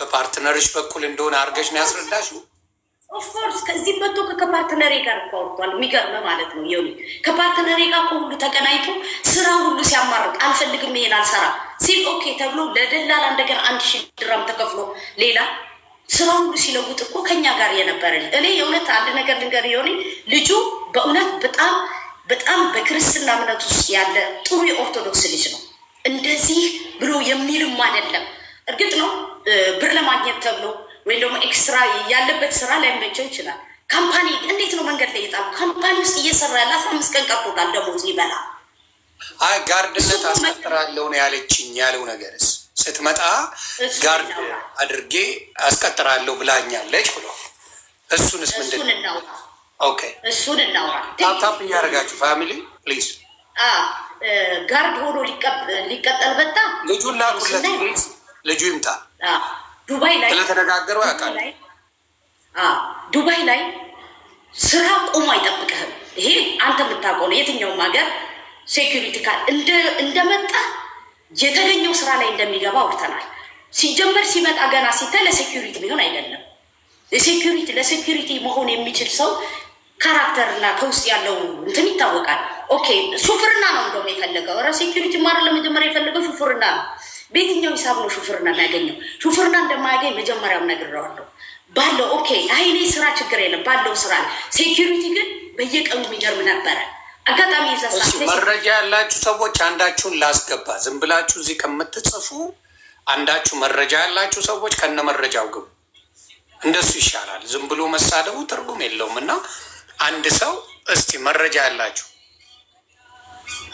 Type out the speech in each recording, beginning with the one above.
በፓርትነርሽ በኩል እንደሆነ አድርገሽ ነው ያስረዳሽው። ኦፍኮርስ ከዚህ መጥቶ ከፓርትነሬ ጋር ቆርጧል። የሚገርመ ማለት ነው የሆነ ከፓርትነሬ ጋር እኮ ሁሉ ተገናኝቶ ስራ ሁሉ ሲያማርቅ አልፈልግም፣ ይሄን አልሰራ ሲል ኦኬ ተብሎ ለደላላ እንደገና አንድ ሺ ድራም ተከፍሎ ሌላ ስራ ሁሉ ሲለውጥ እኮ ከኛ ጋር የነበረ እኔ የእውነት አንድ ነገር ልንገር የሆኔ ልጁ በእውነት በጣም በጣም በክርስትና እምነት ውስጥ ያለ ጥሩ የኦርቶዶክስ ልጅ ነው። እንደዚህ ብሎ የሚልም አይደለም። እርግጥ ነው ብር ለማግኘት ተብሎ ወይም ደግሞ ኤክስትራ ያለበት ስራ ላይመቸው ይችላል። ካምፓኒ እንዴት ነው መንገድ ላይ የጣሉ ካምፓኒ ውስጥ እየሰራ ያለ አስራ አምስት ቀን ቀርቶታል ደሞዝ ሊበላ ጋርድነት አስቀጥራለሁ ነው ያለችኝ። ያለው ነገርስ ስትመጣ ጋርድ አድርጌ አስቀጥራለሁ ብላኛለች ብሎ እሱንስ ምንድን እሱን እናውራ እሱን እናውራ ታፕ እያደረጋችሁ ፋሚሊ ፕሊዝ ጋርድ ሆኖ ሊቀጠል በጣ ልጁን ላኩለት፣ ልጁ ይምጣ። ዱባይ ላይ ስለተነጋገረው ያውቃል። ዱባይ ላይ ስራ ቆሞ አይጠብቅህም። ይሄ አንተ የምታውቀው ነው። የትኛውም ሀገር ሴኪሪቲ ካል እንደመጣ የተገኘው ስራ ላይ እንደሚገባ አውርተናል። ሲጀመር ሲመጣ ገና ሲታይ ለሴኪሪቲ ቢሆን አይደለም። ለሴኪሪቲ ለሴኪሪቲ መሆን የሚችል ሰው ካራክተርና ከውስጥ ያለው እንትን ይታወቃል። ኦኬ ሹፍርና ነው እንደውም የፈለገው ረ ሴኪሪቲ ማር ለመጀመሪያ የፈለገው ሹፍርና ነው። በየትኛው ሂሳብ ነው ሹፍርና የሚያገኘው? ሹፍርና እንደማያገኝ መጀመሪያም ነግረዋለሁ። ባለው ኦኬ አይኔ ስራ ችግር የለም ባለው ስራ ሴኪሪቲ ግን በየቀኑ የሚገርም ነበረ። አጋጣሚ መረጃ ያላችሁ ሰዎች አንዳችሁን ላስገባ። ዝም ብላችሁ እዚህ ከምትጽፉ አንዳችሁ መረጃ ያላችሁ ሰዎች ከነ መረጃው ግቡ። እንደሱ ይሻላል። ዝም ብሎ መሳደቡ ትርጉም የለውም እና አንድ ሰው እስቲ መረጃ ያላችሁ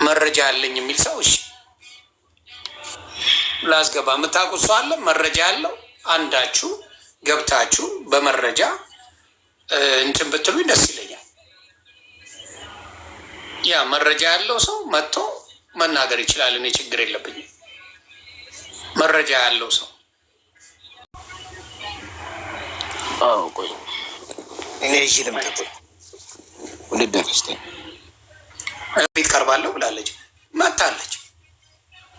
መረጃ ያለኝ የሚል ሰው እሺ፣ ላስገባ የምታውቁት ሰው አለ መረጃ ያለው አንዳችሁ ገብታችሁ በመረጃ እንትን ብትሉ ደስ ይለኛል። ያ መረጃ ያለው ሰው መጥቶ መናገር ይችላል። እኔ ችግር የለብኝም። መረጃ ያለው ሰው ቆይ እኔ ልዳ ተስተኝ ቤት ቀርባለሁ ብላለች። መታለች።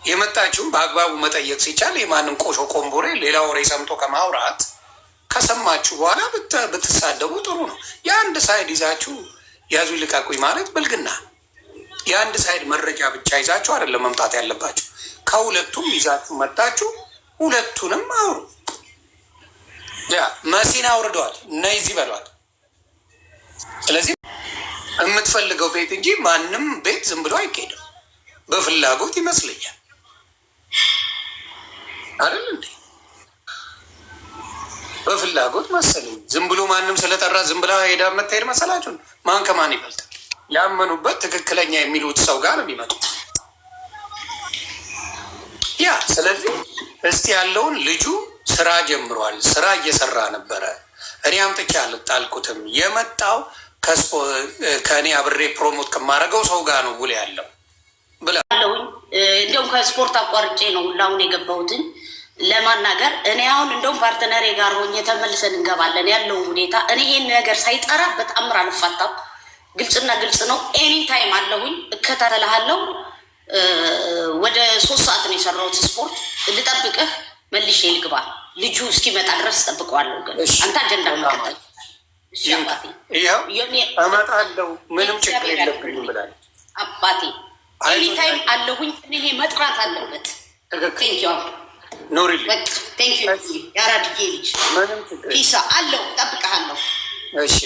የመጣችውን በአግባቡ መጠየቅ ሲቻል የማንም ቆሾ ቆንቦሬ ሌላ ወሬ ሰምቶ ከማውራት ከሰማችሁ በኋላ ብትሳደቡ ጥሩ ነው። የአንድ ሳይድ ይዛችሁ ያዙ ልቀቁኝ ማለት ብልግና። የአንድ ሳይድ መረጃ ብቻ ይዛችሁ አይደለም መምጣት ያለባችሁ። ከሁለቱም ይዛችሁ መጣችሁ፣ ሁለቱንም አውሩ። መሲን አውርደዋል፣ ነይዚ በሏል። ስለዚህ የምትፈልገው ቤት እንጂ ማንም ቤት ዝም ብሎ አይካሄድም። በፍላጎት ይመስለኛል አይደል እንዴ? በፍላጎት መሰለኝ። ዝም ብሎ ማንም ስለጠራ ዝም ብላ ሄዳ የምትሄድ መሰላችሁ? ማን ከማን ይበልጣል? ያመኑበት ትክክለኛ የሚሉት ሰው ጋር ነው የሚመጡት። ያ ስለዚህ እስቲ ያለውን ልጁ ስራ ጀምሯል፣ ስራ እየሰራ ነበረ። እኔ አምጥቼ አልጣልኩትም የመጣው ከእኔ አብሬ ፕሮሞት ከማደርገው ሰው ጋር ነው ውል ያለው ብለውኝ፣ እንዲሁም ከስፖርት አቋርጬ ነው ሁላሁን የገባሁትን ለማናገር እኔ አሁን እንደውም ፓርትነሬ ጋር ሆኜ ተመልሰን እንገባለን ያለውን ሁኔታ እኔ ይህን ነገር ሳይጠራ በጣምር አልፋታም። ግልጽና ግልጽ ነው። ኤኒ ታይም አለሁኝ፣ እከታተልሃለሁ። ወደ ሶስት ሰዓት ነው የሰራሁት ስፖርት። ልጠብቅህ፣ መልሼ ልግባ። ልጁ እስኪመጣ ድረስ ጠብቀዋለሁ። ግን አንተ አጀንዳ ይኸው እመጣለሁ፣ ምንም ችግር የለብኝም ብላለች። አባቴ ኤኒታይም አለሁኝ። እኔ መጥራት አለበት። ኖሪልኝ የአራድዬ ልጅ ፒሳ አለው፣ እጠብቅሃለሁ። እሺ